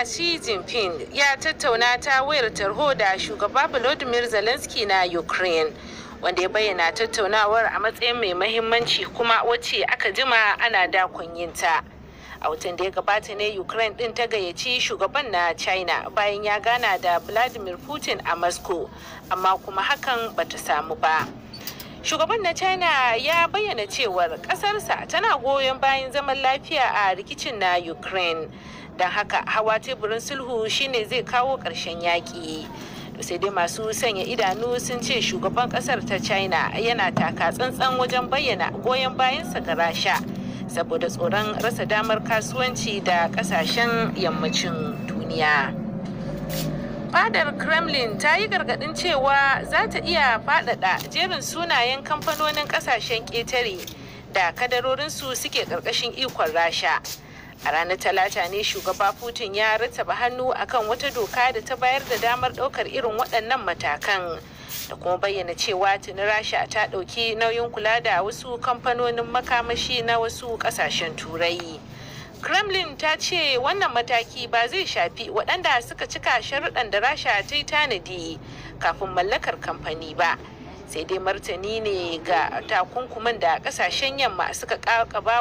a Xi Jinping ya tattauna ta wayar tarho da shugaba Volodymyr Zelensky na Ukraine. wanda ya bayyana tattaunawar a matsayin mai mahimmanci kuma wacce aka jima ana dakon yinta. a watan da ya gabata ne ukraine din ta gayyaci shugaban na china bayan ya gana da vladimir putin a moscow amma kuma hakan bata samu ba shugaban na china ya bayyana cewar kasarsa tana goyon bayan zaman lafiya a rikicin na ukraine don haka hawa teburin sulhu shine zai kawo ƙarshen yaƙi sai dai masu sanya idanu sun ce shugaban ƙasar ta china yana taka tsantsan wajen bayyana goyon bayansa ga rasha saboda tsoron rasa damar kasuwanci da ƙasashen yammacin duniya fadar kremlin ta yi gargaɗin cewa za ta iya faɗaɗa jerin sunayen kamfanonin ƙasashen ƙetare da kadarorinsu suke ƙarƙashin ikon rasha a ranar talata ne shugaba putin ya rattaba hannu akan wata doka da ta bayar da damar ɗaukar irin waɗannan matakan da kuma bayyana cewa tuni rasha ta ɗauki nauyin kula da wasu kamfanonin makamashi na wasu ƙasashen turai kremlin ta ce wannan mataki ba zai shafi waɗanda suka cika sharuɗan da rasha ta yi tanadi kafin mallakar kamfani ba. sai dai martani ne ga takunkuman da kasashen yamma suka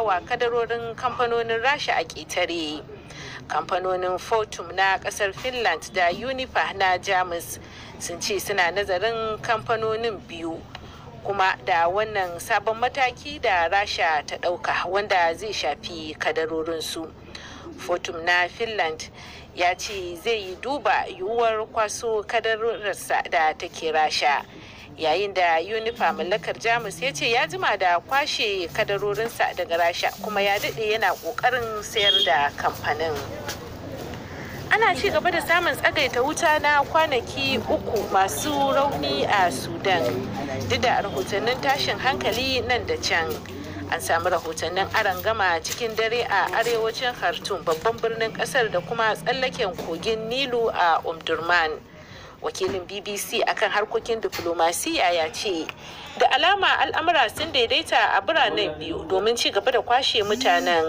wa kadarorin kamfanonin rasha a ƙetare kamfanonin fortum na kasar finland da unifa na jamus sun ce suna nazarin kamfanonin biyu kuma da wannan sabon mataki da rasha ta ɗauka wanda zai shafi kadarorinsu fortum na finland ya ce zai duba yiwuwar kwaso kadararsa da take rasha yayin da unifa mallakar jamus ya ce ya jima da kwashe kadarorinsa daga rasha kuma ya daɗe yana ƙoƙarin sayar da kamfanin ana ci gaba da samun tsagaita wuta na kwanaki uku masu rauni a sudan duk da rahotannin tashin hankali nan da can an samu rahotannin gama cikin dare a arewacin khartoum babban birnin kasar da kuma tsallaken kogin nilu a umdurman. wakilin bbc akan harkokin diflomasiya ya ce da alama al'amura sun daidaita a biranen biyu domin ci gaba da kwashe mutanen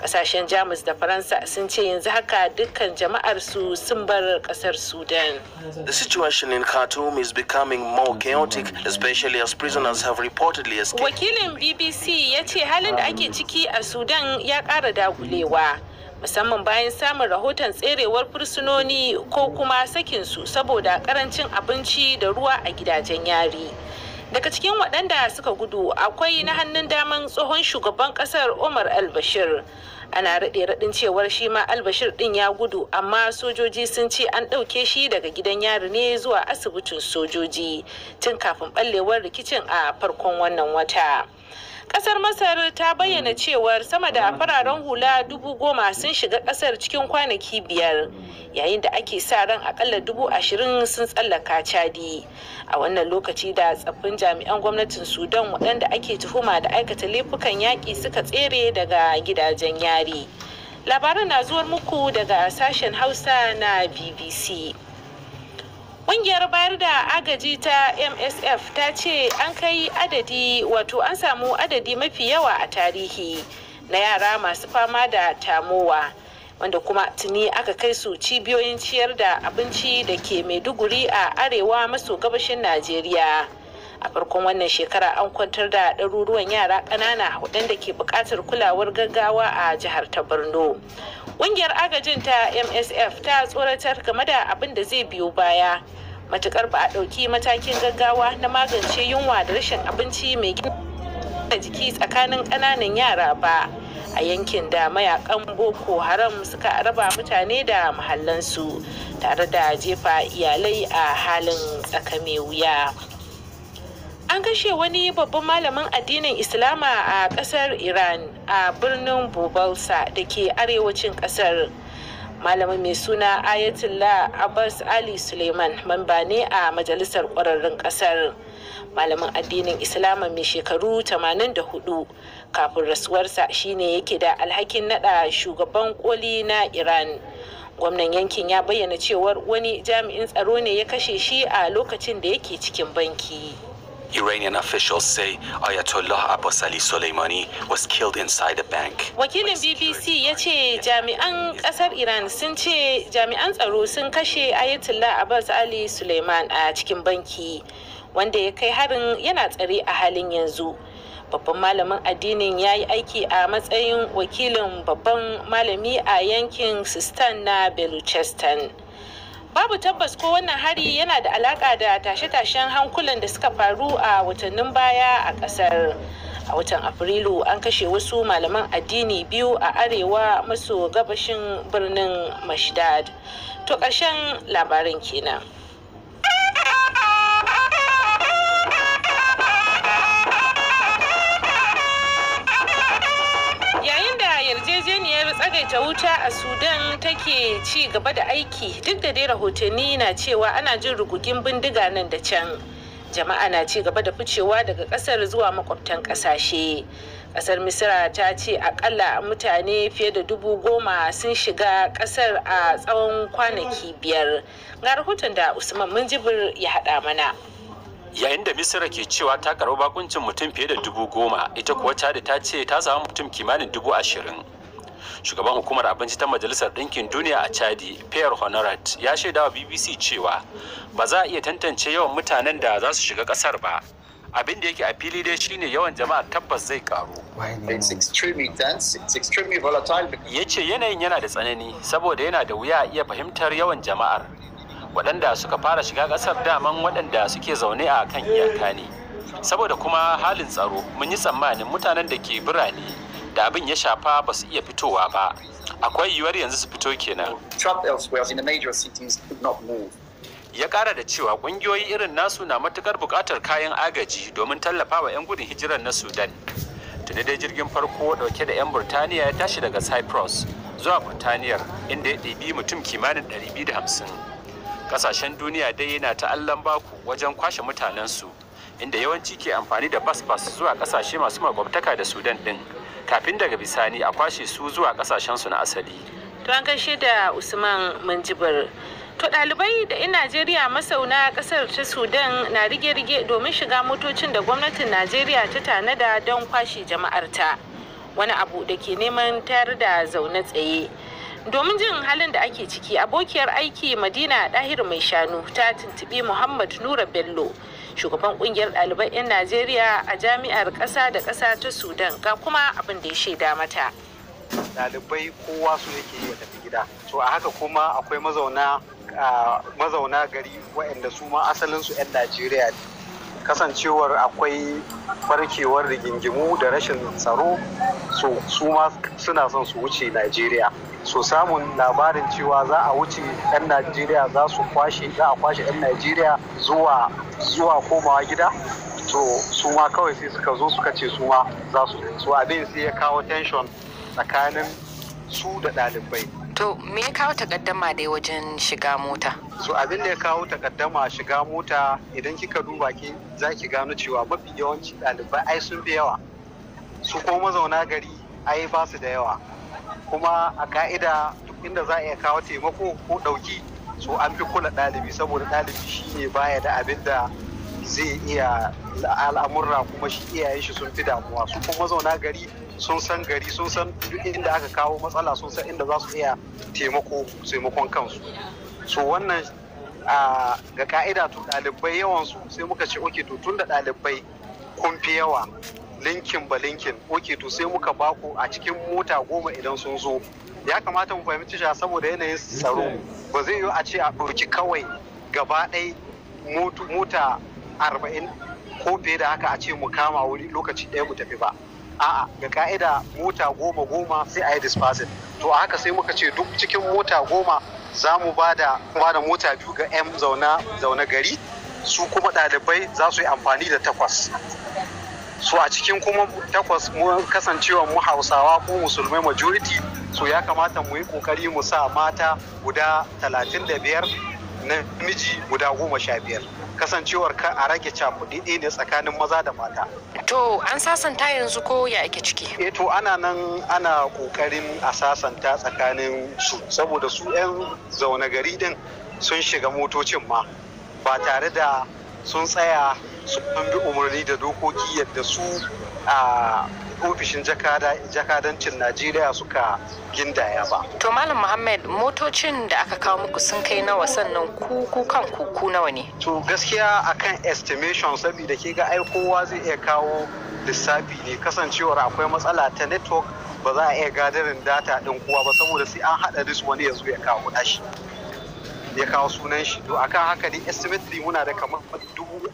kasashen jamus da faransa sun ce yanzu haka dukkan jama'ar su sun bar kasar sudan the situation in khartoum is becoming more chaotic especially as prisoners have reportedly escaped wakilin bbc ya ce halin da ake ciki a sudan ya kara dagulewa musamman bayan samun rahoton tserewar fursunoni ko kuma sakinsu saboda karancin abinci da ruwa a gidajen yari daga cikin waɗanda suka gudu akwai na hannun daman tsohon shugaban ƙasar umar albashir ana raɗe raɗin cewar shi ma albashir ɗin ya gudu amma sojoji sun ce an ɗauke shi daga gidan yari ne zuwa asibitin sojoji tun kafin ɓallewar rikicin a farkon wannan wata kasar masar ta bayyana cewar sama da fararen hula dubu goma sun shiga kasar cikin kwanaki biyar yayin da ake sa ran akalla dubu ashirin sun tsallaka cadi a wannan lokaci da tsaffin jami'an gwamnatin sudan waɗanda ake tuhuma da aikata laifukan yaƙi suka tsere daga gidajen yari labaran na zuwar muku daga sashen hausa na bbc Ƙungiyar bayar da agaji ta MSF ta ce an kai adadi wato an samu adadi mafi yawa a tarihi na yara masu fama da tamowa. wanda kuma tuni aka kai su cibiyoyin ciyar da abinci da ke maiduguri a arewa maso gabashin najeriya a farkon wannan shekara an kwantar da ɗaruruwan yara ƙanana waɗanda ke buƙatar kulawar gaggawa a jihar ta borno ƙungiyar agajin ta msf ta tsoratar game da abin da zai biyo baya matukar ba a ɗauki matakin gaggawa na magance yunwa da rashin abinci mai gina jiki tsakanin ƙananan yara ba a yankin da mayakan boko haram suka raba mutane da mahallansu tare da jefa iyalai a halin tsakame wuya an kashe wani babban malamin addinin islama a kasar iran a birnin bobalsa da ke arewacin kasar malamin mai suna ayatollah abbas ali suleiman mamba ne a majalisar kwararrun kasar malamin addinin islama mai shekaru 84 kafin rasuwarsa shine yake da alhakin nada shugaban koli na iran gwamnan yankin ya bayyana cewar wani jami'in tsaro ne ya kashe shi a lokacin da yake cikin banki. Iranian officials say Ayatollah Abbas Ali Soleimani was killed inside a bank. Wakilin BBC ya ce jami'an kasar Iran sun ce jami'an tsaro sun kashe Ayatollah Abbas Ali Suleiman a cikin banki wanda ya kai harin yana tsare a halin yanzu. Babban malamin addinin ya yi aiki a matsayin wakilin babban malami a yankin Sistan na Beluchistan. babu tabbas ko wannan hari yana da alaka da tashe-tashen hankulan da suka faru a watannin baya a kasar a watan afrilu an kashe wasu malaman addini biyu a arewa maso gabashin birnin mashdad to ƙarshen labarin kenan. yarjejeniyar tsagaita wuta a sudan take ci gaba da aiki duk da dai rahotanni na cewa ana jin rugugin bindiga nan da can jama'a na ci gaba da ficewa daga kasar zuwa makwabtan kasashe kasar misira ta ce akalla mutane fiye da dubu goma sun shiga kasar a tsawon kwanaki biyar ga rahoton da usman minjibir ya haɗa mana yayin da misira ke cewa ta karɓi bakuncin mutum fiye da dubu goma ita kuwa da ta ce ta samu mutum kimanin dubu ashirin shugaban hukumar abinci ta majalisar ɗinkin duniya a chadi pierre honorat ya shaida wa bbc cewa ba za a iya tantance yawan mutanen da za su shiga ƙasar ba abin da yake a fili dai shine yawan jama'a tabbas zai karu ya ce yanayin yana da tsanani saboda yana da wuya a iya fahimtar yawan jama'ar waɗanda suka fara shiga ƙasar daman waɗanda suke zaune a kan iyaka ne saboda kuma halin tsaro mun yi tsammanin mutanen da ke birane da abin ya shafa ba su iya fitowa ba akwai yiwuwar yanzu su fito kenan ya ƙara da cewa ƙungiyoyi irin nasu na matukar bukatar kayan agaji domin tallafa wa 'yan gudun hijirar na sudan tuni dai jirgin farko ɗauke da 'yan burtaniya ya tashi daga cyprus zuwa burtaniyar inda ya ɗibi mutum kimanin 250 Ƙasashen duniya dai yana ta'allan baku wajen kwashe mutanensu inda yawanci ke amfani da bas-bas zuwa ƙasashe masu makwabtaka da sudan ɗin. kafin daga bisani a kwashe su zuwa kasashensu na asali to an gaishe da usman Manjibar. To ɗalibai da in Najeriya masauna ƙasar ta Sudan na rige-rige domin shiga motocin da gwamnatin Najeriya ta tanada don kwashe jama'arta. Wani abu da ke neman tayar da zaune tsaye. Domin jin halin da ake ciki, abokiyar aiki Madina Ɗahir Mai Shanu ta tuntuɓi Muhammad Nura Bello. shugaban kungiyar ɗaliban 'yan najeriya a jami'ar ƙasa da ƙasa ta sudan ga kuma abin da ya shaida mata ɗalibai kowa su yake yi wa tafi gida to a haka kuma akwai mazauna gari waɗanda su ma asalinsu 'yan najeriya ne kasancewar akwai barkewar rigingimu da rashin tsaro so su ma suna son su wuce najeriya so samun labarin cewa za a wuce 'yan najeriya za su kwashe za a kwashe 'yan najeriya zuwa zuwa komawa gida so su ma kawai sai suka zo suka ce su ma za su so abin sai ya kawo tension tsakanin su da ɗalibai To me ya kawo takaddama dai wajen shiga mota? So abin da ya kawo takaddama shiga mota idan kika duba ki za ki gano cewa mafi yawanci ɗalibai ai sun fi yawa. Su ko mazauna gari ai ba su da yawa. Kuma a ka'ida duk inda za a iya kawo taimako ko ɗauki so an fi kula ɗalibi saboda ɗalibi shi ne baya da abin da zai iya al'amurra kuma shi iyayen shi sun fi damuwa su kuma mazauna gari sun san gari sun san duk inda aka kawo matsala sun san inda za su iya taimako taimakon kansu so wannan ga ka'ida to ɗalibai yawansu sai muka ce oke to tun da ɗalibai kun fi yawa linkin ba linkin oke to sai muka baku a cikin mota goma idan sun zo ya kamata mu fahimci shi saboda yanayin tsaro ba zai yiwu a ce a ɗauki kawai gaba ɗaya mota arba'in ko fiye da haka a ce mu kama wuri lokaci ɗaya mu tafi ba a'a ga ka'ida mota goma goma sai a yi dispersal to a haka sai muka ce duk cikin mota goma za mu ba da mota biyu ga 'yan zauna gari su kuma ɗalibai za su yi amfani da takwas su a cikin kuma takwas mu kasancewa mu hausawa ko musulmai majority su ya kamata mu yi kokari mu sa mata guda talatin 35 na miji guda goma sha biyar. kasancewar ka a rage cakuɗi ne tsakanin maza da mata. To an sasanta yanzu ko ya ake ciki? Eh to ana nan ana ƙoƙarin a sasanta tsakanin su saboda su 'yan zaune gari din sun shiga motocin ma ba tare da sun tsaya sun bi umarni da dokoki yadda su a ofishin jakadancin najeriya suka gindaya ba to malam muhammad motocin da aka kawo muku sun kai nawa sannan ku kan ku nawa ne to gaskiya akan estimation saboda ke ga ai zai iya kawo lissafi ne kasancewar akwai matsala ta network ba za a iya gadarin data din kowa ba saboda sai an haɗa dis wani ya zo ya kawo ya kawo sunan shi to akan haka ne, estimate muna da kamar dubu